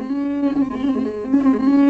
Mm-hmm.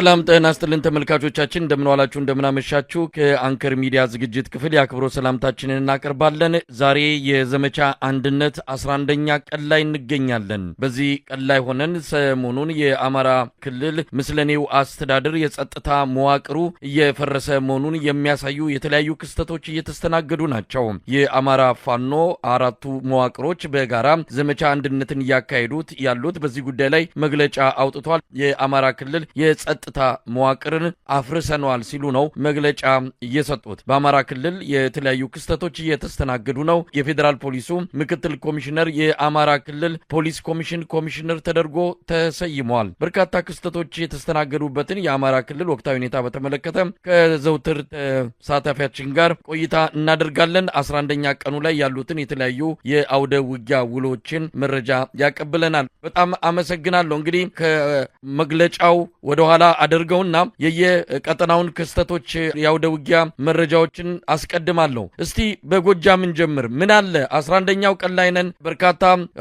ሰላም ጤና ይስጥልን ተመልካቾቻችን፣ እንደምንዋላችሁ እንደምናመሻችሁ። ከአንከር ሚዲያ ዝግጅት ክፍል የአክብሮ ሰላምታችንን እናቀርባለን። ዛሬ የዘመቻ አንድነት 11ኛ ቀን ላይ እንገኛለን። በዚህ ቀን ላይ ሆነን ሰሞኑን የአማራ ክልል ምስለኔው አስተዳደር የጸጥታ መዋቅሩ እየፈረሰ መሆኑን የሚያሳዩ የተለያዩ ክስተቶች እየተስተናገዱ ናቸው። የአማራ ፋኖ አራቱ መዋቅሮች በጋራ ዘመቻ አንድነትን እያካሄዱት ያሉት በዚህ ጉዳይ ላይ መግለጫ አውጥቷል። የአማራ ክልል የጸጥ የጸጥታ መዋቅርን አፍርሰነዋል ሲሉ ነው መግለጫ እየሰጡት። በአማራ ክልል የተለያዩ ክስተቶች እየተስተናገዱ ነው። የፌዴራል ፖሊሱ ምክትል ኮሚሽነር የአማራ ክልል ፖሊስ ኮሚሽን ኮሚሽነር ተደርጎ ተሰይመዋል። በርካታ ክስተቶች የተስተናገዱበትን የአማራ ክልል ወቅታዊ ሁኔታ በተመለከተ ከዘውትር ተሳታፊያችን ጋር ቆይታ እናደርጋለን። አስራ አንደኛ ቀኑ ላይ ያሉትን የተለያዩ የአውደ ውጊያ ውሎችን መረጃ ያቀብለናል። በጣም አመሰግናለሁ። እንግዲህ ከመግለጫው ወደኋላ አድርገውና የየቀጠናውን ክስተቶች የአውደ ውጊያ መረጃዎችን አስቀድማለሁ። እስቲ በጎጃም እንጀምር። ምን አለ አስራ አንደኛው ቀን ላይ ነን። በርካታ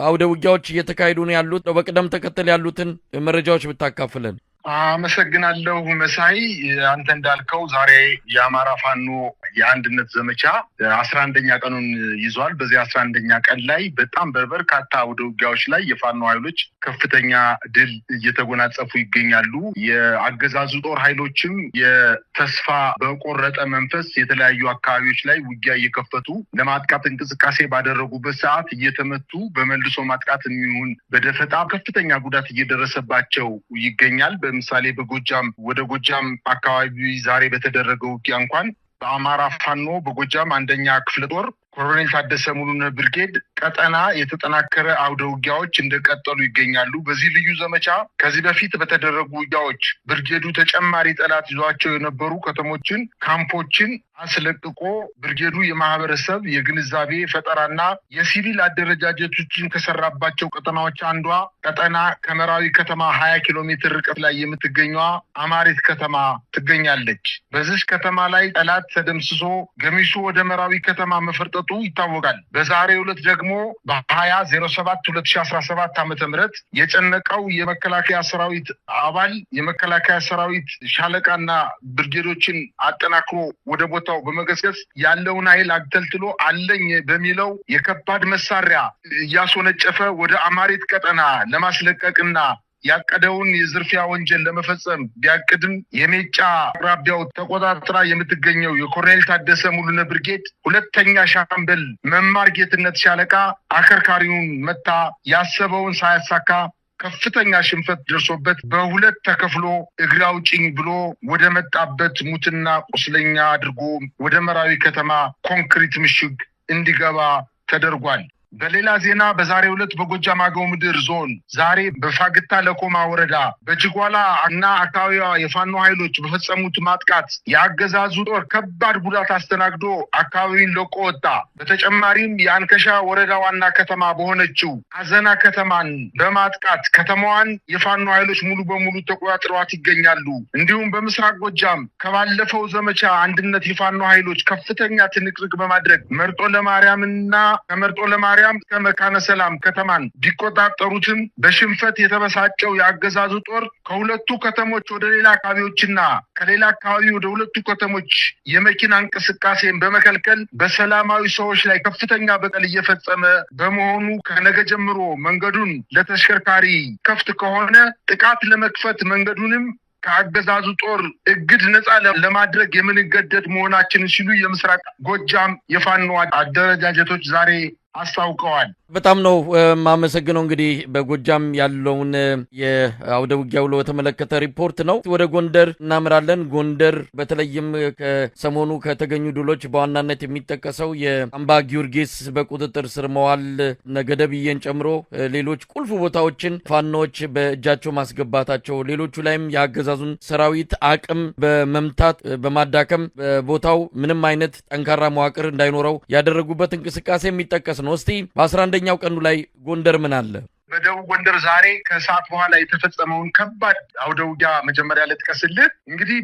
አውደ ውጊያዎች እየተካሄዱ ነው ያሉት። በቅደም ተከተል ያሉትን መረጃዎች ብታካፍለን። አመሰግናለሁ መሳይ። አንተ እንዳልከው ዛሬ የአማራ ፋኖ የአንድነት ዘመቻ አስራ አንደኛ ቀኑን ይዟል። በዚህ አስራ አንደኛ ቀን ላይ በጣም በበርካታ ወደ ውጊያዎች ላይ የፋኖ ኃይሎች ከፍተኛ ድል እየተጎናጸፉ ይገኛሉ። የአገዛዙ ጦር ኃይሎችም የተስፋ በቆረጠ መንፈስ የተለያዩ አካባቢዎች ላይ ውጊያ እየከፈቱ ለማጥቃት እንቅስቃሴ ባደረጉበት ሰዓት እየተመቱ በመልሶ ማጥቃት የሚሆን በደፈጣ ከፍተኛ ጉዳት እየደረሰባቸው ይገኛል። ለምሳሌ በጎጃም ወደ ጎጃም አካባቢ ዛሬ በተደረገው ውጊያ እንኳን በአማራ ፋኖ በጎጃም አንደኛ ክፍለ ጦር ኮሎኔል ታደሰ ሙሉነ ብርጌድ ቀጠና የተጠናከረ አውደ ውጊያዎች እንደቀጠሉ ይገኛሉ። በዚህ ልዩ ዘመቻ ከዚህ በፊት በተደረጉ ውጊያዎች ብርጌዱ ተጨማሪ ጠላት ይዟቸው የነበሩ ከተሞችን፣ ካምፖችን አስለቅቆ ብርጌዱ የማህበረሰብ የግንዛቤ ፈጠራና የሲቪል አደረጃጀቶችን ከሰራባቸው ቀጠናዎች አንዷ ቀጠና ከመራዊ ከተማ ሀያ ኪሎ ሜትር ርቀት ላይ የምትገኘዋ አማሪት ከተማ ትገኛለች። በዚች ከተማ ላይ ጠላት ተደምስሶ ገሚሱ ወደ መራዊ ከተማ መፈርጠቱ እንደመጡ ይታወቃል። በዛሬው ዕለት ደግሞ በሀያ ዜሮ ሰባት ሁለት አስራ ሰባት ዓመተ ምህረት የጨነቀው የመከላከያ ሰራዊት አባል የመከላከያ ሰራዊት ሻለቃና ብርጌዶችን አጠናክሮ ወደ ቦታው በመገስገስ ያለውን ኃይል አግተልትሎ አለኝ በሚለው የከባድ መሳሪያ እያስወነጨፈ ወደ አማሬት ቀጠና ለማስለቀቅና ያቀደውን የዝርፊያ ወንጀል ለመፈጸም ቢያቅድም የሜጫ አቅራቢያው ተቆጣጥራ የምትገኘው የኮሎኔል ታደሰ ሙሉነ ብርጌድ ሁለተኛ ሻምበል መማር ጌትነት ሻለቃ አከርካሪውን መታ ያሰበውን ሳያሳካ ከፍተኛ ሽንፈት ደርሶበት በሁለት ተከፍሎ እግር አውጪኝ ብሎ ወደ መጣበት ሙትና ቁስለኛ አድርጎ ወደ መራዊ ከተማ ኮንክሪት ምሽግ እንዲገባ ተደርጓል። በሌላ ዜና በዛሬው ዕለት በጎጃም አገው ምድር ዞን ዛሬ በፋግታ ለኮማ ወረዳ በጅጓላ እና አካባቢዋ የፋኖ ኃይሎች በፈጸሙት ማጥቃት የአገዛዙ ጦር ከባድ ጉዳት አስተናግዶ አካባቢውን ለቆ ወጣ። በተጨማሪም የአንከሻ ወረዳ ዋና ከተማ በሆነችው አዘና ከተማን በማጥቃት ከተማዋን የፋኖ ኃይሎች ሙሉ በሙሉ ተቆጣጥረዋት ይገኛሉ። እንዲሁም በምስራቅ ጎጃም ከባለፈው ዘመቻ አንድነት የፋኖ ኃይሎች ከፍተኛ ትንቅንቅ በማድረግ መርጦ ለማርያምና ከመርጦ ለማርያም ማርያም ከመካነ ሰላም ከተማን ቢቆጣጠሩትም በሽንፈት የተበሳጨው የአገዛዙ ጦር ከሁለቱ ከተሞች ወደ ሌላ አካባቢዎችና ከሌላ አካባቢ ወደ ሁለቱ ከተሞች የመኪና እንቅስቃሴን በመከልከል በሰላማዊ ሰዎች ላይ ከፍተኛ በቀል እየፈጸመ በመሆኑ ከነገ ጀምሮ መንገዱን ለተሽከርካሪ ከፍት ከሆነ ጥቃት ለመክፈት መንገዱንም ከአገዛዙ ጦር እግድ ነፃ ለማድረግ የምንገደድ መሆናችን ሲሉ የምስራቅ ጎጃም የፋኖ አደረጃጀቶች ዛሬ I saw God. በጣም ነው የማመሰግነው። እንግዲህ በጎጃም ያለውን የአውደ ውጊያ ውሎ በተመለከተ ሪፖርት ነው። ወደ ጎንደር እናምራለን። ጎንደር በተለይም ከሰሞኑ ከተገኙ ድሎች በዋናነት የሚጠቀሰው የአምባ ጊዮርጊስ በቁጥጥር ስር መዋል ነገደብዬን ጨምሮ ሌሎች ቁልፍ ቦታዎችን ፋኖዎች በእጃቸው ማስገባታቸው፣ ሌሎቹ ላይም የአገዛዙን ሰራዊት አቅም በመምታት በማዳከም ቦታው ምንም አይነት ጠንካራ መዋቅር እንዳይኖረው ያደረጉበት እንቅስቃሴ የሚጠቀስ ነው። እስቲ በ11 አንደኛው ቀኑ ላይ ጎንደር ምን አለ? በደቡብ ጎንደር ዛሬ ከሰዓት በኋላ የተፈጸመውን ከባድ አውደ ውጊያ መጀመሪያ ልጥቀስልህ። እንግዲህ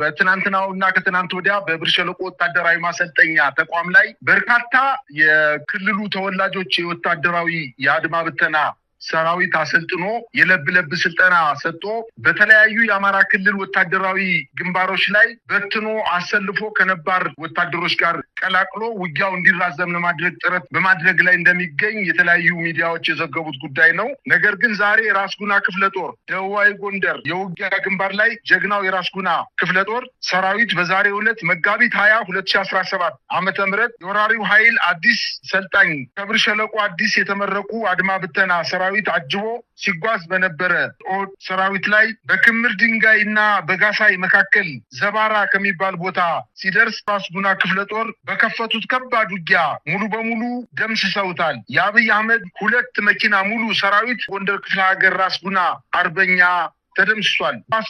በትናንትናው እና ከትናንት ወዲያ በብር ሸለቆ ወታደራዊ ማሰልጠኛ ተቋም ላይ በርካታ የክልሉ ተወላጆች የወታደራዊ የአድማ ብተና ሰራዊት አሰልጥኖ የለብ ለብ ስልጠና ሰጥቶ በተለያዩ የአማራ ክልል ወታደራዊ ግንባሮች ላይ በትኖ አሰልፎ ከነባር ወታደሮች ጋር ቀላቅሎ ውጊያው እንዲራዘም ለማድረግ ጥረት በማድረግ ላይ እንደሚገኝ የተለያዩ ሚዲያዎች የዘገቡት ጉዳይ ነው። ነገር ግን ዛሬ የራስ ጉና ክፍለ ጦር ደቡባዊ ጎንደር የውጊያ ግንባር ላይ ጀግናው የራስ ጉና ክፍለ ጦር ሰራዊት በዛሬው ዕለት መጋቢት ሀያ ሁለት ሺ አስራ ሰባት ዓመተ ምህረት የወራሪው ኃይል አዲስ ሰልጣኝ ከብር ሸለቆ አዲስ የተመረቁ አድማ ብተና ሰራዊት ሰራዊት አጅቦ ሲጓዝ በነበረ ኦድ ሰራዊት ላይ በክምር ድንጋይ እና በጋሳይ መካከል ዘባራ ከሚባል ቦታ ሲደርስ ራስ ጉና ክፍለ ጦር በከፈቱት ከባድ ውጊያ ሙሉ በሙሉ ደምስሰውታል። የአብይ አህመድ ሁለት መኪና ሙሉ ሰራዊት ጎንደር ክፍለ ሀገር ራስ ጉና አርበኛ ተደምስሷል። ራስ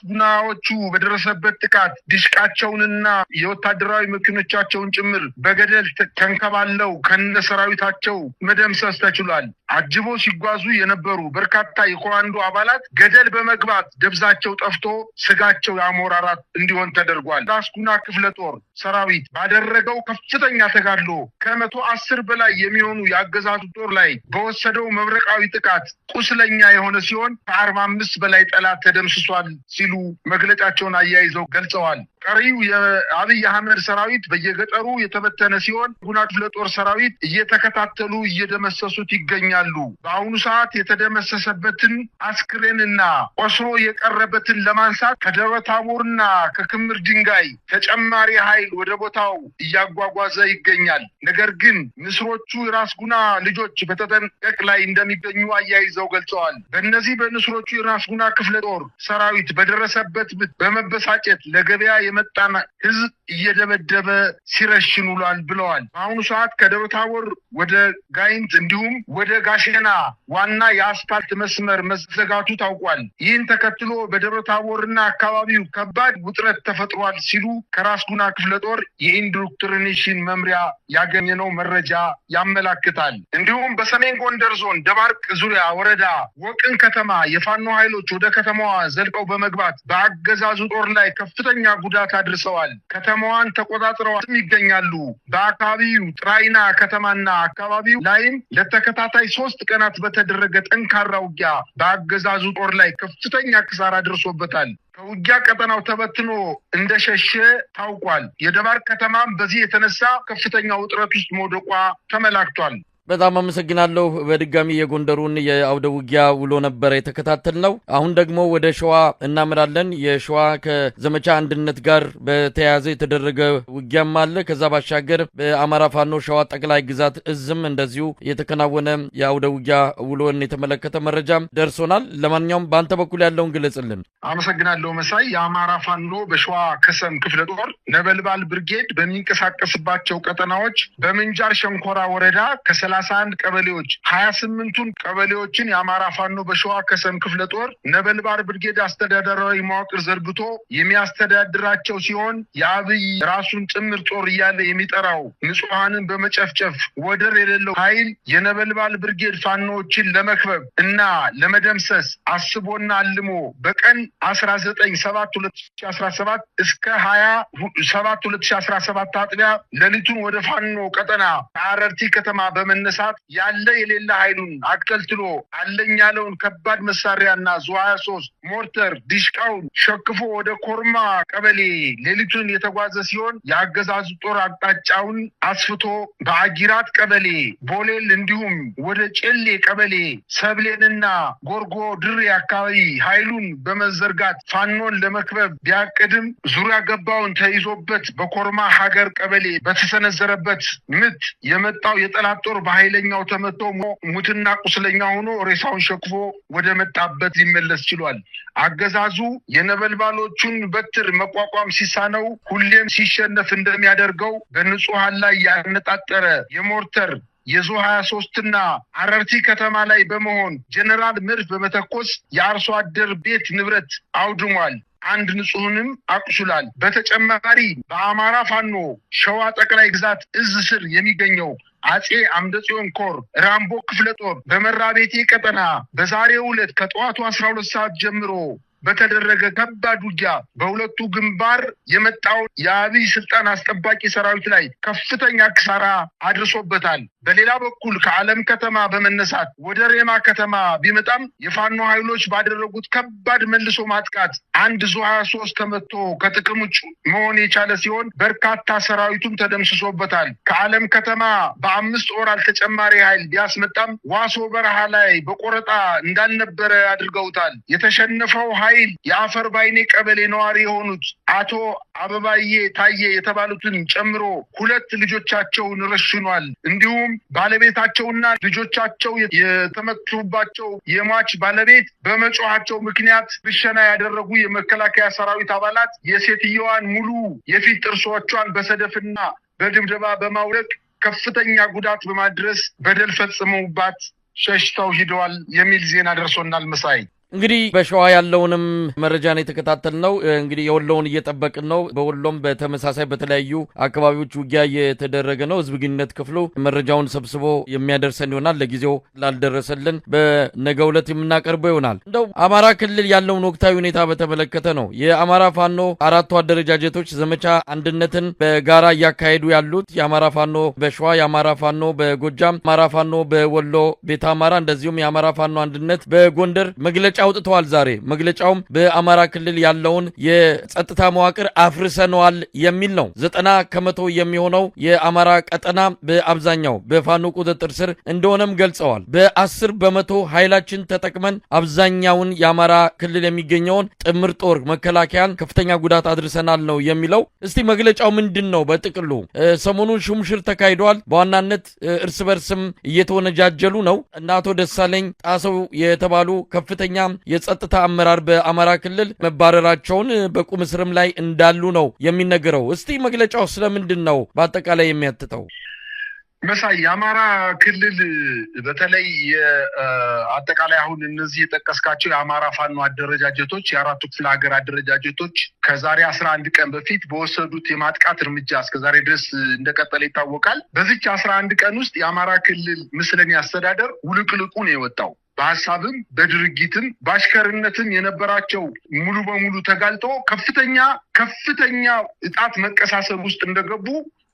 በደረሰበት ጥቃት ድሽቃቸውንና የወታደራዊ መኪኖቻቸውን ጭምር በገደል ተንከባለው ከነ ሰራዊታቸው መደምሰስ ተችሏል። አጅቦ ሲጓዙ የነበሩ በርካታ የኮማንዶ አባላት ገደል በመግባት ደብዛቸው ጠፍቶ ስጋቸው የአሞራ እንዲሆን ተደርጓል። ራስኩና ክፍለ ጦር ሰራዊት ባደረገው ከፍተኛ ተጋድሎ ከመቶ አስር በላይ የሚሆኑ የአገዛዙ ጦር ላይ በወሰደው መብረቃዊ ጥቃት ቁስለኛ የሆነ ሲሆን ከአርባ አምስት በላይ ጠላት ተደምስሷል ሲሉ መግለጫቸውን አያይዘው ገልጸዋል። ቀሪው የአብይ አህመድ ሰራዊት በየገጠሩ የተበተነ ሲሆን ጉና ክፍለ ጦር ሰራዊት እየተከታተሉ እየደመሰሱት ይገኛሉ። በአሁኑ ሰዓት የተደመሰሰበትን አስክሬንና ቆስሮ የቀረበትን ለማንሳት ከደብረ ታቦርና ከክምር ድንጋይ ተጨማሪ ኃይል ወደ ቦታው እያጓጓዘ ይገኛል። ነገር ግን ንስሮቹ የራስ ጉና ልጆች በተጠንቀቅ ላይ እንደሚገኙ አያይዘው ገልጸዋል። በእነዚህ በንስሮቹ የራስ ጉና ክፍለ ጦር ሰራዊት በደረሰበት በመበሳጨት ለገበያ የመጣን ህዝብ እየደበደበ ሲረሽን ውሏል ብለዋል። በአሁኑ ሰዓት ከደብረ ታቦር ወደ ጋይንት እንዲሁም ወደ ጋሸና ዋና የአስፓልት መስመር መዘጋቱ ታውቋል። ይህን ተከትሎ በደብረ ታቦርና አካባቢው ከባድ ውጥረት ተፈጥሯል ሲሉ ከራስ ጉና ክፍለ ጦር የኢንዶክትሪኔሽን መምሪያ ያገኘነው መረጃ ያመላክታል። እንዲሁም በሰሜን ጎንደር ዞን ደባርቅ ዙሪያ ወረዳ ወቅን ከተማ የፋኖ ኃይሎች ወደ ከተማዋ ዘልቀው በመግባት በአገዛዙ ጦር ላይ ከፍተኛ ጉዳት ጉዳት አድርሰዋል። ከተማዋን ተቆጣጥረው ይገኛሉ። በአካባቢው ጥራይና ከተማና አካባቢው ላይም ለተከታታይ ሶስት ቀናት በተደረገ ጠንካራ ውጊያ በአገዛዙ ጦር ላይ ከፍተኛ ክሳራ ደርሶበታል። ከውጊያ ቀጠናው ተበትኖ እንደሸሸ ታውቋል። የደባር ከተማም በዚህ የተነሳ ከፍተኛ ውጥረት ውስጥ መውደቋ ተመላክቷል። በጣም አመሰግናለሁ። በድጋሚ የጎንደሩን የአውደ ውጊያ ውሎ ነበረ ነው። አሁን ደግሞ ወደ ሸዋ እናምራለን። የሸዋ ከዘመቻ አንድነት ጋር በተያያዘ የተደረገ ውጊያም አለ። ከዛ ባሻገር በአማራ ፋኖ ሸዋ ጠቅላይ ግዛት እዝም እንደዚሁ የተከናወነ የአውደ ውጊያ ውሎን የተመለከተ መረጃም ደርሶናል። ለማንኛውም በአንተ በኩል ያለውን ግለጽልን። አመሰግናለሁ መሳይ። የአማራ ፋኖ በሸዋ ከሰም ክፍለ ጦር ነበልባል ብርጌድ በሚንቀሳቀስባቸው ቀጠናዎች በምንጃር ሸንኮራ ወረዳ ከሰላ ሰላሳ አንድ ቀበሌዎች ሀያ ስምንቱን ቀበሌዎችን የአማራ ፋኖ በሸዋ ከሰም ክፍለ ጦር ነበልባር ብርጌድ አስተዳደራዊ መዋቅር ዘርግቶ የሚያስተዳድራቸው ሲሆን የአብይ ራሱን ጭምር ጦር እያለ የሚጠራው ንጹሐንን በመጨፍጨፍ ወደር የሌለው ኃይል የነበልባል ብርጌድ ፋኖዎችን ለመክበብ እና ለመደምሰስ አስቦና አልሞ በቀን አስራ ዘጠኝ ሰባት ሁለት ሺ አስራ ሰባት እስከ ሀያ ሰባት ሁለት ሺ አስራ ሰባት አጥቢያ ሌሊቱን ወደ ፋኖ ቀጠና ከአረርቲ ከተማ በመ በመነሳት ያለ የሌለ ኃይሉን አቅጠልጥሎ አለኝ ያለውን ከባድ መሳሪያና ዙ ሀያ ሶስት ሞርተር ዲሽቃውን ሸክፎ ወደ ኮርማ ቀበሌ ሌሊቱን የተጓዘ ሲሆን የአገዛዙ ጦር አቅጣጫውን አስፍቶ በአጊራት ቀበሌ ቦሌል እንዲሁም ወደ ጨሌ ቀበሌ ሰብሌንና ጎርጎ ድሬ አካባቢ ኃይሉን በመዘርጋት ፋኖን ለመክበብ ቢያቅድም ዙሪያ ገባውን ተይዞበት በኮርማ ሀገር ቀበሌ በተሰነዘረበት ምት የመጣው የጠላት ጦር በኃይለኛው ተመቶ ሙትና ቁስለኛ ሆኖ ሬሳውን ሸክፎ ወደ መጣበት ሊመለስ ችሏል። አገዛዙ የነበልባሎቹን በትር መቋቋም ሲሳነው ሁሌም ሲሸነፍ እንደሚያደርገው በንጹሐን ላይ ያነጣጠረ የሞርተር የዙ ሀያ ሶስትና አረርቲ ከተማ ላይ በመሆን ጀኔራል መድፍ በመተኮስ የአርሶ አደር ቤት ንብረት አውድሟል። አንድ ንጹህንም አቁስሏል። በተጨማሪ በአማራ ፋኖ ሸዋ ጠቅላይ ግዛት እዝ ስር የሚገኘው አጼ አምደጽዮን ኮር ራምቦ ክፍለ ጦር በመራቤቴ ቀጠና በዛሬው ዕለት ከጠዋቱ አስራ ሁለት ሰዓት ጀምሮ በተደረገ ከባድ ውጊያ በሁለቱ ግንባር የመጣውን የአብይ ስልጣን አስጠባቂ ሰራዊት ላይ ከፍተኛ ክሳራ አድርሶበታል። በሌላ በኩል ከዓለም ከተማ በመነሳት ወደ ሬማ ከተማ ቢመጣም የፋኖ ኃይሎች ባደረጉት ከባድ መልሶ ማጥቃት አንድ ዙ ሀያ ሶስት ተመቶ ከጥቅም ውጭ መሆን የቻለ ሲሆን በርካታ ሰራዊቱም ተደምስሶበታል። ከዓለም ከተማ በአምስት ኦራል ተጨማሪ ኃይል ቢያስመጣም ዋሶ በረሃ ላይ በቆረጣ እንዳልነበረ አድርገውታል። የተሸነፈው ኃይል ኃይል የአፈር ባይኔ ቀበሌ ነዋሪ የሆኑት አቶ አበባዬ ታየ የተባሉትን ጨምሮ ሁለት ልጆቻቸውን ረሽኗል። እንዲሁም ባለቤታቸውና ልጆቻቸው የተመቱባቸው የሟች ባለቤት በመጮኋቸው ምክንያት ብሸና ያደረጉ የመከላከያ ሰራዊት አባላት የሴትየዋን ሙሉ የፊት ጥርሶቿን በሰደፍና በድብደባ በማውለቅ ከፍተኛ ጉዳት በማድረስ በደል ፈጽመውባት ሸሽተው ሂደዋል የሚል ዜና ደርሶናል። መሳይ እንግዲህ በሸዋ ያለውንም መረጃን የተከታተል ነው። እንግዲህ የወሎውን እየጠበቅን ነው። በወሎም በተመሳሳይ በተለያዩ አካባቢዎች ውጊያ እየተደረገ ነው። ህዝብ ግንኙነት ክፍሉ መረጃውን ሰብስቦ የሚያደርሰን ይሆናል። ለጊዜው ላልደረሰልን በነገ ዕለት የምናቀርበው ይሆናል። እንደው አማራ ክልል ያለውን ወቅታዊ ሁኔታ በተመለከተ ነው። የአማራ ፋኖ አራቱ አደረጃጀቶች ዘመቻ አንድነትን በጋራ እያካሄዱ ያሉት የአማራ ፋኖ በሸዋ፣ የአማራ ፋኖ በጎጃም፣ አማራ ፋኖ በወሎ ቤተ አማራ እንደዚሁም የአማራ ፋኖ አንድነት በጎንደር መግለጫ አውጥተዋል ዛሬ። መግለጫውም በአማራ ክልል ያለውን የጸጥታ መዋቅር አፍርሰነዋል የሚል ነው። ዘጠና ከመቶ የሚሆነው የአማራ ቀጠና በአብዛኛው በፋኖ ቁጥጥር ስር እንደሆነም ገልጸዋል። በአስር በመቶ ኃይላችን ተጠቅመን አብዛኛውን የአማራ ክልል የሚገኘውን ጥምር ጦር መከላከያን ከፍተኛ ጉዳት አድርሰናል ነው የሚለው። እስቲ መግለጫው ምንድን ነው? በጥቅሉ ሰሞኑን ሹምሽር ተካሂደዋል። በዋናነት እርስ በርስም እየተወነጃጀሉ ነው እና አቶ ደሳለኝ ጣሰው የተባሉ ከፍተኛ የጸጥታ አመራር በአማራ ክልል መባረራቸውን በቁም እስርም ላይ እንዳሉ ነው የሚነገረው። እስቲ መግለጫው ስለምንድን ነው በአጠቃላይ የሚያትተው? መሳይ የአማራ ክልል በተለይ አጠቃላይ አሁን እነዚህ የጠቀስካቸው የአማራ ፋኖ አደረጃጀቶች የአራቱ ክፍለ ሀገር አደረጃጀቶች ከዛሬ አስራ አንድ ቀን በፊት በወሰዱት የማጥቃት እርምጃ እስከዛሬ ድረስ እንደቀጠለ ይታወቃል። በዚች አስራ አንድ ቀን ውስጥ የአማራ ክልል ምስለኔ አስተዳደር ውልቅልቁ ነው የወጣው። በሀሳብም በድርጊትም በአሽከርነትም የነበራቸው ሙሉ በሙሉ ተጋልጦ ከፍተኛ ከፍተኛ እጣት መቀሳሰብ ውስጥ እንደገቡ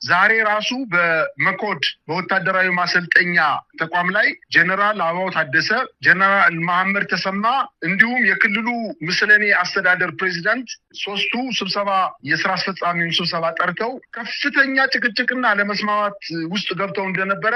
ዛሬ ራሱ በመኮድ በወታደራዊ ማሰልጠኛ ተቋም ላይ ጀነራል አበባው ታደሰ፣ ጀነራል መሐመድ ተሰማ እንዲሁም የክልሉ ምስለኔ አስተዳደር ፕሬዚዳንት ሶስቱ ስብሰባ የስራ አስፈጻሚውን ስብሰባ ጠርተው ከፍተኛ ጭቅጭቅና ለመስማማት ውስጥ ገብተው እንደነበረ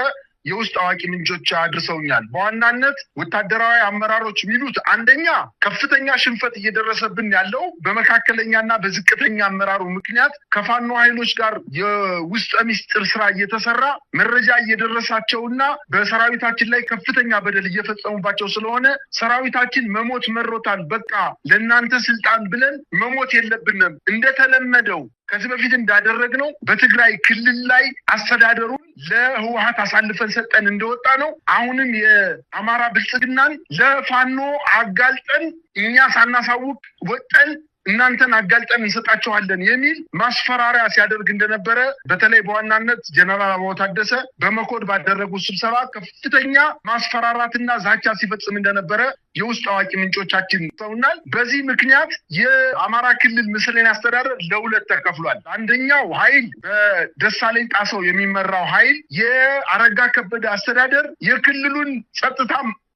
የውስጥ አዋቂ ምንጮች አድርሰውኛል። በዋናነት ወታደራዊ አመራሮች የሚሉት አንደኛ ከፍተኛ ሽንፈት እየደረሰብን ያለው በመካከለኛና በዝቅተኛ አመራሩ ምክንያት ከፋኖ ኃይሎች ጋር የውስጠ ሚስጥር ስራ እየተሰራ መረጃ እየደረሳቸውና በሰራዊታችን ላይ ከፍተኛ በደል እየፈጸሙባቸው ስለሆነ ሰራዊታችን መሞት መሮታል። በቃ ለእናንተ ስልጣን ብለን መሞት የለብንም እንደተለመደው ከዚህ በፊት እንዳደረግ ነው በትግራይ ክልል ላይ አስተዳደሩን ለህወሀት አሳልፈን ሰጠን እንደወጣ ነው። አሁንም የአማራ ብልጽግናን ለፋኖ አጋልጠን እኛ ሳናሳውቅ ወጠን እናንተን አጋልጠን እንሰጣቸዋለን የሚል ማስፈራሪያ ሲያደርግ እንደነበረ በተለይ በዋናነት ጀነራል አበባው ታደሰ በመኮድ ባደረጉት ስብሰባ ከፍተኛ ማስፈራራትና ዛቻ ሲፈጽም እንደነበረ የውስጥ አዋቂ ምንጮቻችን ሰውናል። በዚህ ምክንያት የአማራ ክልል ምስልን አስተዳደር ለሁለት ተከፍሏል። አንደኛው ኃይል በደሳለኝ ጣሰው የሚመራው ኃይል የአረጋ ከበደ አስተዳደር የክልሉን ጸጥታ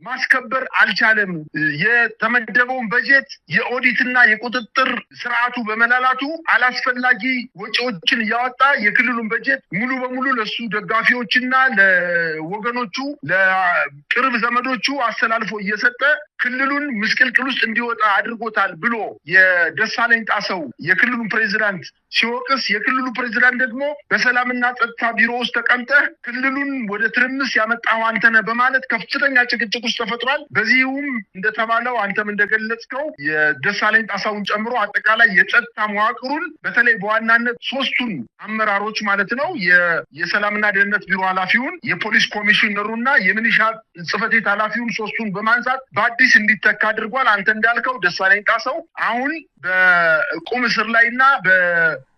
ማስከበር አልቻለም። የተመደበውን በጀት የኦዲትና የቁጥጥር ስርዓቱ በመላላቱ አላስፈላጊ ወጪዎችን እያወጣ የክልሉን በጀት ሙሉ በሙሉ ለሱ ደጋፊዎችና ለወገኖቹ ለቅርብ ዘመዶቹ አስተላልፎ እየሰጠ ክልሉን ምስቅልቅል ውስጥ እንዲወጣ አድርጎታል ብሎ የደሳለኝ ጣሰው የክልሉን ፕሬዚዳንት ሲወቅስ የክልሉ ፕሬዚዳንት ደግሞ በሰላምና ጸጥታ ቢሮ ውስጥ ተቀምጠህ ክልሉን ወደ ትርምስ ያመጣኸው አንተ በማለት ከፍተኛ ጭቅጭቁ ውስጥ ተፈጥሯል። በዚሁም እንደተባለው አንተም እንደገለጽከው የደሳለኝ ጣሳውን ጨምሮ አጠቃላይ የጸጥታ መዋቅሩን በተለይ በዋናነት ሶስቱን አመራሮች ማለት ነው የሰላምና ደህንነት ቢሮ ኃላፊውን፣ የፖሊስ እና የሚኒሻ ጽህፈት ቤት ኃላፊውን ሶስቱን በማንሳት በአዲስ እንዲተካ አድርጓል። አንተ እንዳልከው ደሳለኝ ጣሰው አሁን በቁም እስር ላይና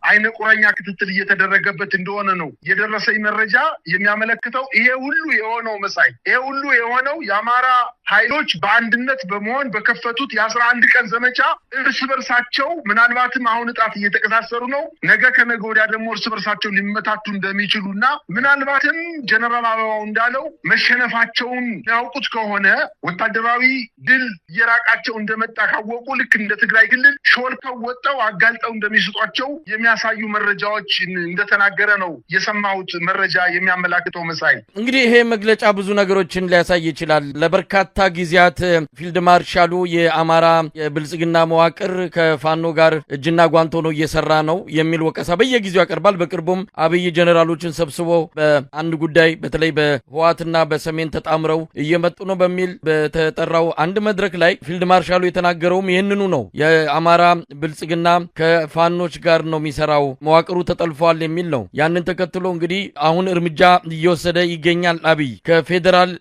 አይነ ቁረኛ ክትትል እየተደረገበት እንደሆነ ነው የደረሰኝ መረጃ የሚያመለክተው። ይሄ ሁሉ የሆነው መሳይ ይሄ ሁሉ የሆነው የአማራ ኃይሎች በአንድነት በመሆን በከፈቱት የአስራ አንድ ቀን ዘመቻ እርስ በርሳቸው ምናልባትም አሁን እጣት እየተቀሳሰሩ ነው። ነገ ከነገ ወዲያ ደግሞ እርስ በርሳቸው ሊመታቱ እንደሚችሉ እና ምናልባትም ጀነራል አበባው እንዳለው መሸነፋቸውን ያውቁት ከሆነ ወታደራዊ ድል እየራቃቸው እንደመጣ ካወቁ ልክ እንደ ትግራይ ክልል ሾልከው ወጠው አጋልጠው እንደሚስጧቸው የሚያሳዩ መረጃዎች እንደተናገረ ነው የሰማሁት መረጃ የሚያመላክተው። መሳይ እንግዲህ ይሄ መግለጫ ብዙ ነገሮችን ሊያሳይ ይችላል ለበርካታ በርካታ ጊዜያት ፊልድ ማርሻሉ የአማራ ብልጽግና መዋቅር ከፋኖ ጋር እጅና ጓንት ሆኖ እየሰራ ነው የሚል ወቀሳ በየጊዜው ያቀርባል። በቅርቡም አብይ ጀኔራሎችን ሰብስቦ በአንድ ጉዳይ በተለይ በህዋትና በሰሜን ተጣምረው እየመጡ ነው በሚል በተጠራው አንድ መድረክ ላይ ፊልድ ማርሻሉ የተናገረውም ይህንኑ ነው። የአማራ ብልጽግና ከፋኖች ጋር ነው የሚሰራው፣ መዋቅሩ ተጠልፏል የሚል ነው። ያንን ተከትሎ እንግዲህ አሁን እርምጃ እየወሰደ ይገኛል አብይ ከፌዴራል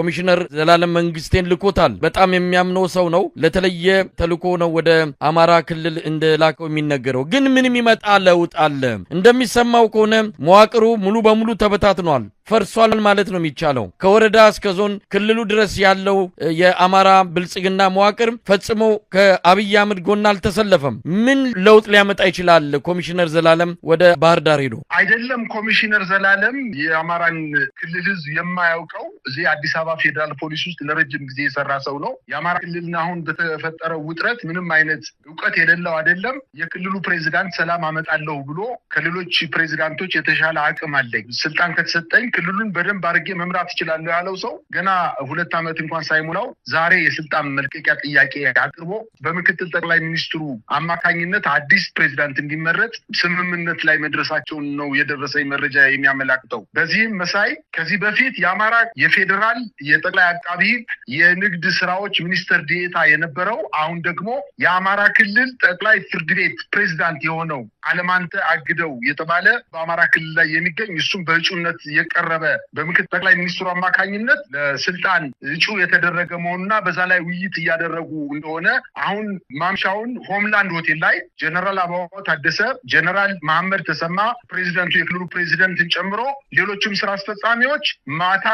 ኮሚሽነር ዘላለም መንግስቴን ልኮታል። በጣም የሚያምነው ሰው ነው። ለተለየ ተልኮ ነው ወደ አማራ ክልል እንደላከው የሚነገረው። ግን ምንም ይመጣ ለውጥ አለ። እንደሚሰማው ከሆነ መዋቅሩ ሙሉ በሙሉ ተበታትኗል። ፈርሷል ማለት ነው የሚቻለው። ከወረዳ እስከ ዞን ክልሉ ድረስ ያለው የአማራ ብልጽግና መዋቅር ፈጽሞ ከአብይ አህመድ ጎን አልተሰለፈም። ምን ለውጥ ሊያመጣ ይችላል? ኮሚሽነር ዘላለም ወደ ባህር ዳር ሄዶ አይደለም። ኮሚሽነር ዘላለም የአማራን ክልል ህዝብ የማያውቀው እዚህ አዲስ አበባ ፌዴራል ፖሊስ ውስጥ ለረጅም ጊዜ የሰራ ሰው ነው። የአማራ ክልልን አሁን በተፈጠረው ውጥረት ምንም አይነት እውቀት የሌለው አይደለም። የክልሉ ፕሬዚዳንት ሰላም አመጣለሁ ብሎ ከሌሎች ፕሬዚዳንቶች የተሻለ አቅም አለኝ ስልጣን ከተሰጠኝ ክልሉን በደንብ አድርጌ መምራት ይችላለሁ ያለው ሰው ገና ሁለት ዓመት እንኳን ሳይሞላው ዛሬ የስልጣን መልቀቂያ ጥያቄ አቅርቦ በምክትል ጠቅላይ ሚኒስትሩ አማካኝነት አዲስ ፕሬዚዳንት እንዲመረጥ ስምምነት ላይ መድረሳቸውን ነው የደረሰኝ መረጃ የሚያመላክተው። በዚህም መሳይ ከዚህ በፊት የአማራ የፌዴራል የጠቅላይ አቃቢ የንግድ ስራዎች ሚኒስትር ዴኤታ የነበረው አሁን ደግሞ የአማራ ክልል ጠቅላይ ፍርድ ቤት ፕሬዚዳንት የሆነው አለማንተ አግደው የተባለ በአማራ ክልል ላይ የሚገኝ እሱም በእጩነት የቀረ የቀረበ በምክትል ጠቅላይ ሚኒስትሩ አማካኝነት ለስልጣን እጩ የተደረገ መሆኑና በዛ ላይ ውይይት እያደረጉ እንደሆነ አሁን ማምሻውን ሆምላንድ ሆቴል ላይ ጀነራል አበባው ታደሰ፣ ጀነራል መሐመድ ተሰማ ፕሬዚደንቱ የክልሉ ፕሬዚደንትን ጨምሮ ሌሎችም ስራ አስፈጻሚዎች ማታ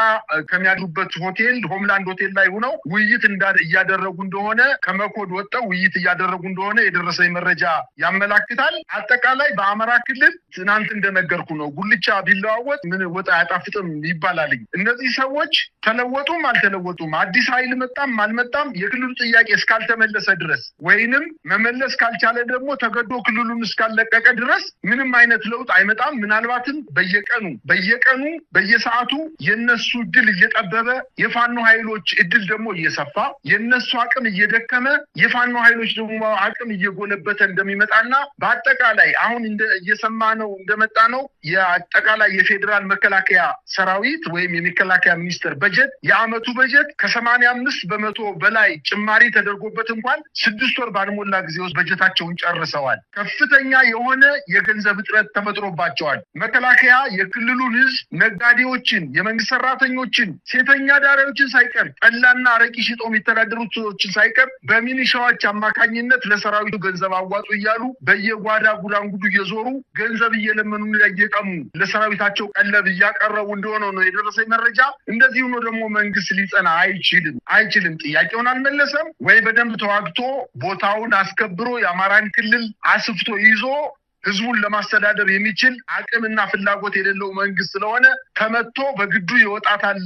ከሚያድሩበት ሆቴል ሆምላንድ ሆቴል ላይ ሆነው ውይይት እያደረጉ እንደሆነ ከመኮድ ወጠው ውይይት እያደረጉ እንደሆነ የደረሰ መረጃ ያመላክታል። አጠቃላይ በአማራ ክልል ትናንት እንደነገርኩ ነው። ጉልቻ ቢለዋወጥ ምን ወጣ አያጣፍጥም ይባላልኝ። እነዚህ ሰዎች ተለወጡም አልተለወጡም አዲስ ኃይል መጣም አልመጣም የክልሉ ጥያቄ እስካልተመለሰ ድረስ ወይንም መመለስ ካልቻለ ደግሞ ተገዶ ክልሉን እስካለቀቀ ድረስ ምንም አይነት ለውጥ አይመጣም። ምናልባትም በየቀኑ በየቀኑ በየሰዓቱ የነሱ እድል እየጠበበ የፋኖ ኃይሎች እድል ደግሞ እየሰፋ የነሱ አቅም እየደከመ የፋኖ ኃይሎች ደግሞ አቅም እየጎለበተ እንደሚመጣና በአጠቃላይ አሁን እየሰማ ነው እንደመጣ ነው የአጠቃላይ የፌዴራል መከላከያ ሰራዊት ወይም የመከላከያ ሚኒስቴር በጀት የአመቱ በጀት ከሰማንያ አምስት በመቶ በላይ ጭማሪ ተደርጎበት እንኳን ስድስት ወር ባልሞላ ጊዜ ውስጥ በጀታቸውን ጨርሰዋል። ከፍተኛ የሆነ የገንዘብ እጥረት ተፈጥሮባቸዋል። መከላከያ የክልሉን ህዝብ፣ ነጋዴዎችን፣ የመንግስት ሰራተኞችን፣ ሴተኛ ዳሪዎችን ሳይቀር ጠላና አረቂ ሽጦ የሚተዳደሩት ሳይቀር በሚኒሻዎች አማካኝነት ለሰራዊቱ ገንዘብ አዋጡ እያሉ በየጓዳ ጉዳንጉዱ እየዞሩ ገንዘብ እየለመኑ እየቀሙ ለሰራዊታቸው ቀለብ እያቀረቡ እየሰረቡ እንደሆነ ነው የደረሰኝ መረጃ። እንደዚህ ሆኖ ደግሞ መንግስት ሊጸና አይችልም አይችልም። ጥያቄውን አልመለሰም ወይ በደንብ ተዋግቶ ቦታውን አስከብሮ የአማራን ክልል አስፍቶ ይዞ ህዝቡን ለማስተዳደር የሚችል አቅምና ፍላጎት የሌለው መንግስት ስለሆነ ተመቶ በግዱ ይወጣታል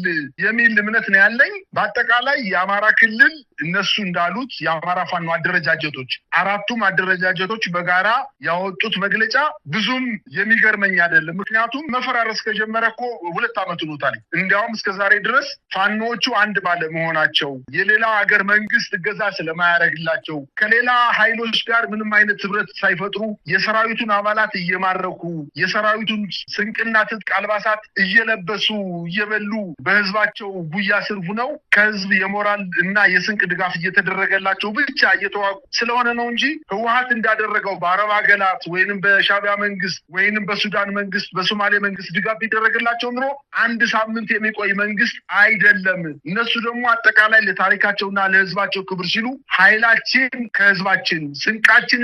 የሚል እምነት ነው ያለኝ። በአጠቃላይ የአማራ ክልል እነሱ እንዳሉት የአማራ ፋኖ አደረጃጀቶች አራቱም አደረጃጀቶች በጋራ ያወጡት መግለጫ ብዙም የሚገርመኝ አይደለም። ምክንያቱም መፈራረስ ከጀመረ እኮ ሁለት ዓመት ሆኖታል። እንዲያውም እስከ ዛሬ ድረስ ፋኖዎቹ አንድ ባለመሆናቸው የሌላ ሀገር መንግስት እገዛ ስለማያደርግላቸው ከሌላ ኃይሎች ጋር ምንም አይነት ህብረት ሳይፈጥሩ የሰራዊቱን አባላት እየማረኩ የሰራዊቱን ስንቅና ትጥቅ አልባሳት እየለበሱ እየበሉ በህዝባቸው ጉያ ስር ሁነው ከህዝብ የሞራል እና የስንቅ ድጋፍ እየተደረገላቸው ብቻ እየተዋጉ ስለሆነ ነው እንጂ ህወሀት እንዳደረገው በአረብ ሀገራት ወይንም በሻቢያ መንግስት ወይንም በሱዳን መንግስት በሶማሌ መንግስት ድጋፍ ቢደረግላቸው ኑሮ አንድ ሳምንት የሚቆይ መንግስት አይደለም። እነሱ ደግሞ አጠቃላይ ለታሪካቸውና ለህዝባቸው ክብር ሲሉ ኃይላችን ከህዝባችን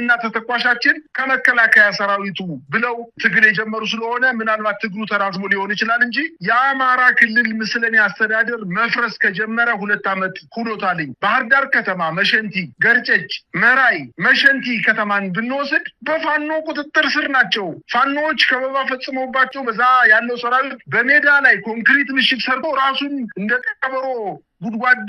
እና ተተኳሻችን ከመከላከያ ሰራዊቱ ብለው ትግል የጀመሩ ስለሆነ ምናልባት ትግሉ ተራዝሞ ሊሆን ይችላል እንጂ የአማራ ክልል ምስለኔ አስተዳደር መፍረስ ከጀመረ ሁለት ዓመት ሁኖታልኝ። ባህር ዳር ከተማ፣ መሸንቲ፣ ገርጨች፣ መራይ፣ መሸንቲ ከተማን ብንወስድ በፋኖ ቁጥጥር ስር ናቸው። ፋኖዎች ከበባ ፈጽመውባቸው በዛ ያለው ሰራዊት በሜዳ ላይ ኮንክሪት ምሽግ ሰርቶ ራሱን እንደ ቀበሮ ጉድጓድ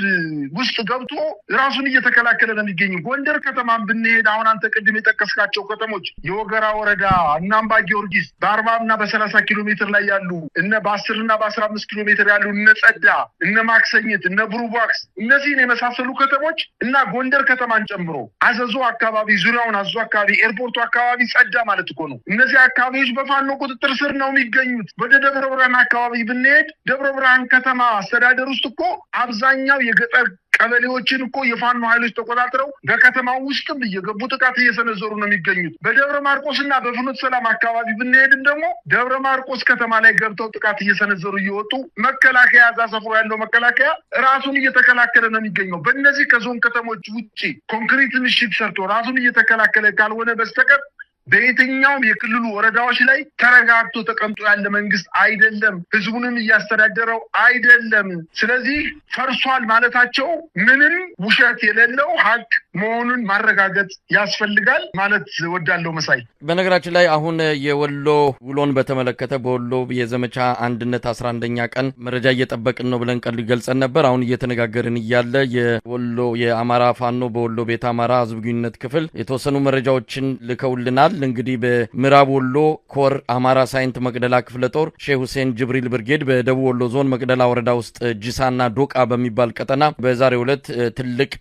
ውስጥ ገብቶ ራሱን እየተከላከለ ነው የሚገኝ። ጎንደር ከተማን ብንሄድ አሁን አንተ ቅድም የጠቀስካቸው ከተሞች የወገራ ወረዳ እና አምባ ጊዮርጊስ በአርባ እና በሰላሳ ኪሎ ሜትር ላይ ያሉ እነ በአስር እና በአስራ አምስት ኪሎ ሜትር ያሉ እነ ጸዳ፣ እነ ማክሰኝት፣ እነ ብሩቧክስ እነዚህን የመሳሰሉ ከተሞች እና ጎንደር ከተማን ጨምሮ አዘዞ አካባቢ ዙሪያውን አዘዞ አካባቢ ኤርፖርቱ አካባቢ ጸዳ ማለት እኮ ነው። እነዚህ አካባቢዎች በፋኖ ቁጥጥር ስር ነው የሚገኙት። ወደ ደብረ ብርሃን አካባቢ ብንሄድ ደብረ ብርሃን ከተማ አስተዳደር ውስጥ እኮ አብዛ አብዛኛው የገጠር ቀበሌዎችን እኮ የፋኖ ኃይሎች ተቆጣጥረው በከተማ ውስጥም እየገቡ ጥቃት እየሰነዘሩ ነው የሚገኙት። በደብረ ማርቆስ እና በፍኖት ሰላም አካባቢ ብንሄድም ደግሞ ደብረ ማርቆስ ከተማ ላይ ገብተው ጥቃት እየሰነዘሩ እየወጡ መከላከያ እዛ ሰፍሮ ያለው መከላከያ ራሱን እየተከላከለ ነው የሚገኘው። በእነዚህ ከዞን ከተሞች ውጭ ኮንክሪት ምሽግ ሰርቶ ራሱን እየተከላከለ ካልሆነ በስተቀር በየትኛውም የክልሉ ወረዳዎች ላይ ተረጋግቶ ተቀምጦ ያለ መንግስት አይደለም፣ ህዝቡንም እያስተዳደረው አይደለም። ስለዚህ ፈርሷል ማለታቸው ምንም ውሸት የሌለው ሀቅ መሆኑን ማረጋገጥ ያስፈልጋል ማለት ወዳለው መሳይ። በነገራችን ላይ አሁን የወሎ ውሎን በተመለከተ በወሎ የዘመቻ አንድነት አስራ አንደኛ ቀን መረጃ እየጠበቅን ነው ብለን ቀሉ ይገልጸን ነበር። አሁን እየተነጋገርን እያለ የወሎ የአማራ ፋኖ በወሎ ቤት አማራ ህዝብ ግንኙነት ክፍል የተወሰኑ መረጃዎችን ልከውልናል። እንግዲህ በምዕራብ ወሎ ኮር አማራ ሳይንት መቅደላ ክፍለ ጦር ሼህ ሁሴን ጅብሪል ብርጌድ በደቡብ ወሎ ዞን መቅደላ ወረዳ ውስጥ ጅሳና ዶቃ በሚባል ቀጠና በዛሬው ዕለት ትልቅ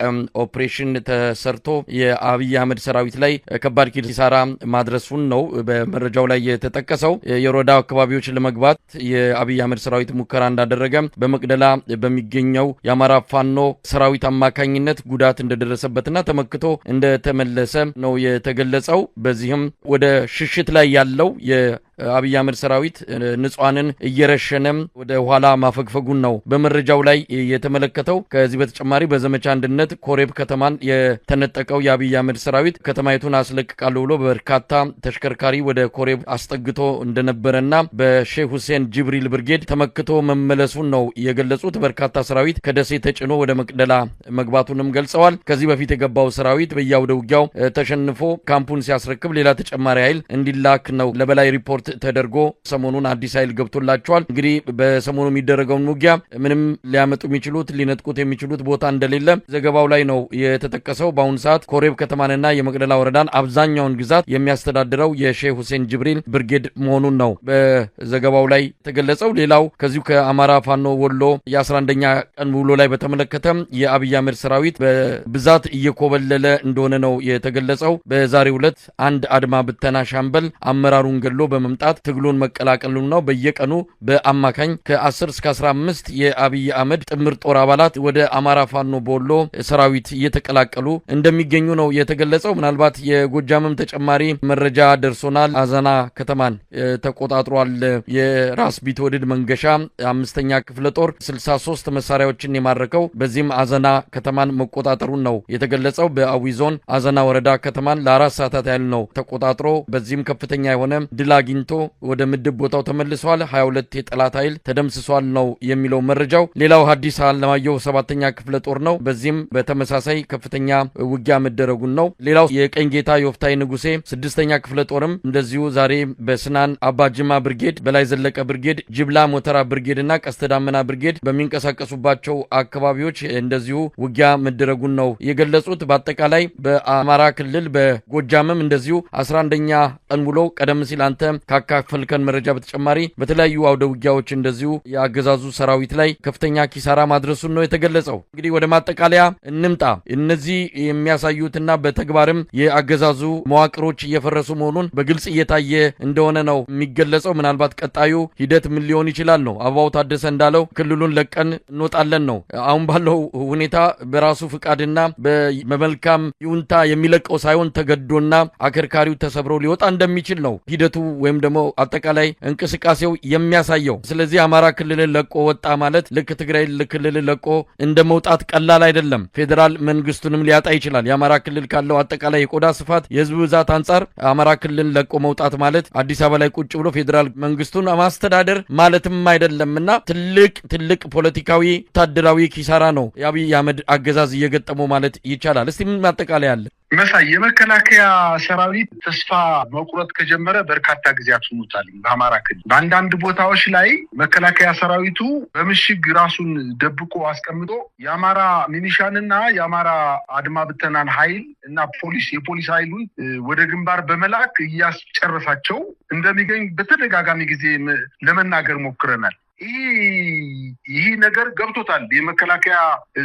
ኦፕሬሽን ተ ተሰርቶ የአብይ አህመድ ሰራዊት ላይ ከባድ ኪሳራ ማድረሱን ነው በመረጃው ላይ የተጠቀሰው። የወረዳ አካባቢዎች ለመግባት የአብይ አህመድ ሰራዊት ሙከራ እንዳደረገ በመቅደላ በሚገኘው የአማራ ፋኖ ሰራዊት አማካኝነት ጉዳት እንደደረሰበትና ተመክቶ እንደተመለሰ ነው የተገለጸው። በዚህም ወደ ሽሽት ላይ ያለው አብይ አህመድ ሰራዊት ንጹሐንን እየረሸነም ወደ ኋላ ማፈግፈጉን ነው በመረጃው ላይ የተመለከተው። ከዚህ በተጨማሪ በዘመቻ አንድነት ኮሬብ ከተማን የተነጠቀው የአብይ አህመድ ሰራዊት ከተማይቱን አስለቅቃለሁ ብሎ በርካታ ተሽከርካሪ ወደ ኮሬብ አስጠግቶ እንደነበረና በሼህ ሁሴን ጅብሪል ብርጌድ ተመክቶ መመለሱን ነው የገለጹት። በርካታ ሰራዊት ከደሴ ተጭኖ ወደ መቅደላ መግባቱንም ገልጸዋል። ከዚህ በፊት የገባው ሰራዊት በያውደ ውጊያው ተሸንፎ ካምፑን ሲያስረክብ ሌላ ተጨማሪ ኃይል እንዲላክ ነው ለበላይ ሪፖርት ተደርጎ ሰሞኑን አዲስ ኃይል ገብቶላቸዋል። እንግዲህ በሰሞኑ የሚደረገውን ውጊያ ምንም ሊያመጡ የሚችሉት ሊነጥቁት የሚችሉት ቦታ እንደሌለ ዘገባው ላይ ነው የተጠቀሰው። በአሁኑ ሰዓት ኮሬብ ከተማንና የመቅደላ ወረዳን አብዛኛውን ግዛት የሚያስተዳድረው የሼህ ሁሴን ጅብሪል ብርጌድ መሆኑን ነው በዘገባው ላይ የተገለጸው። ሌላው ከዚሁ ከአማራ ፋኖ ወሎ የ11ኛ ቀን ውሎ ላይ በተመለከተም የአብይ አህመድ ሰራዊት በብዛት እየኮበለለ እንደሆነ ነው የተገለጸው። በዛሬው ዕለት አንድ አድማ ብተና ሻምበል አመራሩን ገሎ በመምጣት በመምጣት ትግሉን መቀላቀሉን ነው። በየቀኑ በአማካኝ ከ10 እስከ 15 የአብይ አህመድ ጥምር ጦር አባላት ወደ አማራ ፋኖ ቦሎ ሰራዊት እየተቀላቀሉ እንደሚገኙ ነው የተገለጸው። ምናልባት የጎጃምም ተጨማሪ መረጃ ደርሶናል። አዘና ከተማን ተቆጣጥሯል። የራስ ቢትወድድ መንገሻ አምስተኛ ክፍለ ጦር 63 መሳሪያዎችን የማረከው በዚህም አዘና ከተማን መቆጣጠሩን ነው የተገለጸው። በአዊ ዞን አዘና ወረዳ ከተማን ለአራት ሰዓታት ያህል ነው ተቆጣጥሮ በዚህም ከፍተኛ የሆነ ድል አግኝቶ አግኝቶ ወደ ምድብ ቦታው ተመልሷል። 22 የጠላት ኃይል ተደምስሷል ነው የሚለው መረጃው። ሌላው ሐዲስ አለማየሁ ሰባተኛ ክፍለ ጦር ነው። በዚህም በተመሳሳይ ከፍተኛ ውጊያ መደረጉን ነው። ሌላው የቀኝ ጌታ የወፍታይ ንጉሴ ስድስተኛ ክፍለ ጦርም እንደዚሁ ዛሬ በስናን አባጅማ ብርጌድ፣ በላይ ዘለቀ ብርጌድ፣ ጅብላ ሞተራ ብርጌድ እና ቀስተ ዳመና ብርጌድ በሚንቀሳቀሱባቸው አካባቢዎች እንደዚሁ ውጊያ መደረጉን ነው የገለጹት። በአጠቃላይ በአማራ ክልል በጎጃምም እንደዚሁ 11ኛ ቀን ውሎ ቀደም ሲል አንተ ካካፈልከን መረጃ በተጨማሪ በተለያዩ አውደ ውጊያዎች እንደዚሁ የአገዛዙ ሰራዊት ላይ ከፍተኛ ኪሳራ ማድረሱን ነው የተገለጸው። እንግዲህ ወደ ማጠቃለያ እንምጣ። እነዚህ የሚያሳዩትና በተግባርም የአገዛዙ መዋቅሮች እየፈረሱ መሆኑን በግልጽ እየታየ እንደሆነ ነው የሚገለጸው። ምናልባት ቀጣዩ ሂደት ምን ሊሆን ይችላል ነው አበባው ታደሰ እንዳለው ክልሉን ለቀን እንወጣለን ነው። አሁን ባለው ሁኔታ በራሱ ፍቃድና በመልካም ይሁንታ የሚለቀው ሳይሆን ተገዶና አከርካሪው ተሰብሮ ሊወጣ እንደሚችል ነው ሂደቱ ወይም ደግሞ አጠቃላይ እንቅስቃሴው የሚያሳየው። ስለዚህ አማራ ክልልን ለቆ ወጣ ማለት ልክ ትግራይ ክልልን ለቆ እንደ መውጣት ቀላል አይደለም። ፌዴራል መንግስቱንም ሊያጣ ይችላል። የአማራ ክልል ካለው አጠቃላይ የቆዳ ስፋት፣ የህዝብ ብዛት አንጻር አማራ ክልልን ለቆ መውጣት ማለት አዲስ አበባ ላይ ቁጭ ብሎ ፌዴራል መንግስቱን ማስተዳደር ማለትም አይደለም እና ትልቅ ትልቅ ፖለቲካዊ ወታደራዊ ኪሳራ ነው የአብይ አህመድ አገዛዝ እየገጠመው ማለት ይቻላል። እስቲ ምን ማጠቃለያ አለ? መሳይ የመከላከያ ሰራዊት ተስፋ መቁረጥ ከጀመረ በርካታ ጊዜያት ሆኖታል። በአማራ ክልል በአንዳንድ ቦታዎች ላይ መከላከያ ሰራዊቱ በምሽግ ራሱን ደብቆ አስቀምጦ የአማራ ሚኒሻንና የአማራ አድማ ብተናን ኃይል እና ፖሊስ የፖሊስ ኃይሉን ወደ ግንባር በመላክ እያስጨረሳቸው እንደሚገኝ በተደጋጋሚ ጊዜ ለመናገር ሞክረናል። ይህ ነገር ገብቶታል። የመከላከያ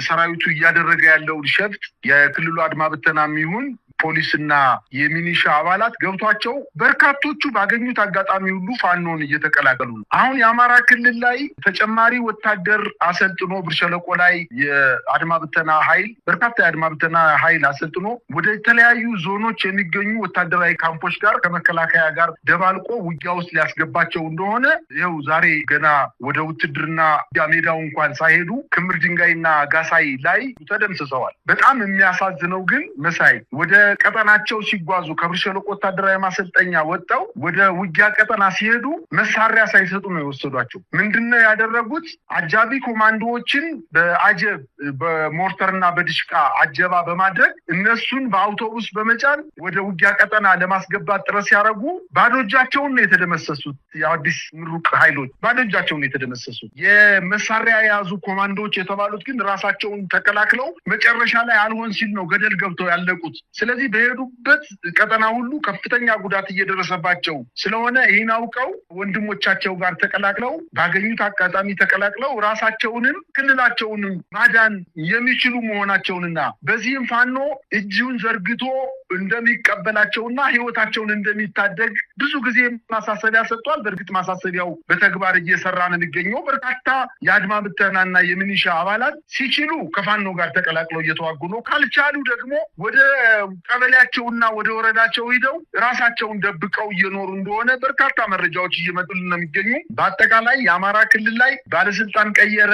ሰራዊቱ እያደረገ ያለውን ሸፍት የክልሉ አድማ ብተናም ይሁን ፖሊስና የሚኒሻ አባላት ገብቷቸው በርካቶቹ ባገኙት አጋጣሚ ሁሉ ፋኖን እየተቀላቀሉ ነው። አሁን የአማራ ክልል ላይ ተጨማሪ ወታደር አሰልጥኖ ብርሸለቆ ላይ የአድማ ብተና ኃይል በርካታ የአድማ ብተና ኃይል አሰልጥኖ ወደ ተለያዩ ዞኖች የሚገኙ ወታደራዊ ካምፖች ጋር ከመከላከያ ጋር ደባልቆ ውጊያ ውስጥ ሊያስገባቸው እንደሆነ ይኸው ዛሬ ገና ወደ ውትድርና ሜዳው እንኳን ሳይሄዱ ክምር ድንጋይና ጋሳይ ላይ ተደምስሰዋል። በጣም የሚያሳዝነው ግን መሳይ ወደ ቀጠናቸው ሲጓዙ ከብርሸለቆ ወታደራዊ ማሰልጠኛ ወጥተው ወደ ውጊያ ቀጠና ሲሄዱ መሳሪያ ሳይሰጡ ነው የወሰዷቸው። ምንድነው ያደረጉት? አጃቢ ኮማንዶዎችን በአጀብ በሞርተርና በድሽቃ አጀባ በማድረግ እነሱን በአውቶቡስ በመጫን ወደ ውጊያ ቀጠና ለማስገባት ጥረት ሲያደርጉ ባዶ እጃቸውን ነው የተደመሰሱት። የአዲስ ምሩቅ ኃይሎች ባዶ እጃቸውን ነው የተደመሰሱት። የመሳሪያ የያዙ ኮማንዶዎች የተባሉት ግን ራሳቸውን ተከላክለው መጨረሻ ላይ አልሆን ሲል ነው ገደል ገብተው ያለቁት። ስለዚህ በሄዱበት ቀጠና ሁሉ ከፍተኛ ጉዳት እየደረሰባቸው ስለሆነ ይህን አውቀው ወንድሞቻቸው ጋር ተቀላቅለው ባገኙት አጋጣሚ ተቀላቅለው ራሳቸውንም ክልላቸውንም ማዳን የሚችሉ መሆናቸውንና በዚህም ፋኖ እጅውን ዘርግቶ እንደሚቀበላቸውና ህይወታቸውን እንደሚታደግ ብዙ ጊዜ ማሳሰቢያ ሰጥቷል። በእርግጥ ማሳሰቢያው በተግባር እየሰራ ነው የሚገኘው። በርካታ የአድማ ብተናና የሚኒሻ አባላት ሲችሉ ከፋኖ ጋር ተቀላቅለው እየተዋጉ ነው። ካልቻሉ ደግሞ ወደ ቀበሌያቸውና ወደ ወረዳቸው ሂደው ራሳቸውን ደብቀው እየኖሩ እንደሆነ በርካታ መረጃዎች እየመጡልን ነው የሚገኙ። በአጠቃላይ የአማራ ክልል ላይ ባለስልጣን ቀየረ፣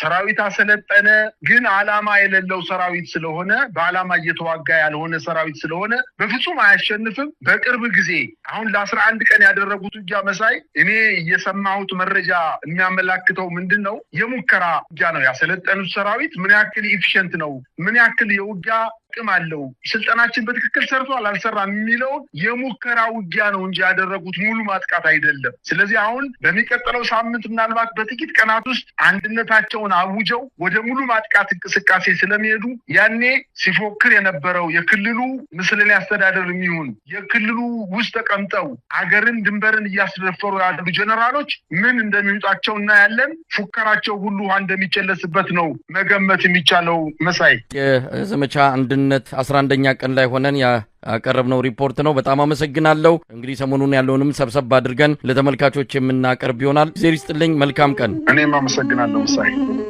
ሰራዊት አሰለጠነ፣ ግን አላማ የሌለው ሰራዊት ስለሆነ በአላማ እየተዋጋ ያልሆነ ሰራዊት ስለሆነ በፍጹም አያሸንፍም። በቅርብ ጊዜ አሁን ለአስራ አንድ ቀን ያደረጉት ውጊያ መሳይ እኔ እየሰማሁት መረጃ የሚያመላክተው ምንድን ነው? የሙከራ ውጊያ ነው ያሰለጠኑት ሰራዊት ምን ያክል ኢፊሽንት ነው ምን ያክል የውጊያ ጥቅም አለው፣ ስልጠናችን በትክክል ሰርቷል አልሰራም የሚለው የሙከራ ውጊያ ነው እንጂ ያደረጉት ሙሉ ማጥቃት አይደለም። ስለዚህ አሁን በሚቀጥለው ሳምንት ምናልባት በጥቂት ቀናት ውስጥ አንድነታቸውን አውጀው ወደ ሙሉ ማጥቃት እንቅስቃሴ ስለሚሄዱ ያኔ ሲፎክር የነበረው የክልሉ ምስልን ያስተዳደር የሚሆን የክልሉ ውስጥ ተቀምጠው አገርን ድንበርን እያስደፈሩ ያሉ ጀነራሎች ምን እንደሚወጣቸው እናያለን። ፉከራቸው ሁሉ ውሃ እንደሚጨለስበት ነው መገመት የሚቻለው። መሳይ የዘመቻ አንድነት ጦርነት 11ኛ ቀን ላይ ሆነን ያቀረብነው ሪፖርት ነው። በጣም አመሰግናለሁ። እንግዲህ ሰሞኑን ያለውንም ሰብሰብ አድርገን ለተመልካቾች የምናቀርብ ይሆናል። ዜር ይስጥልኝ። መልካም ቀን። እኔም አመሰግናለሁ ምሳሌ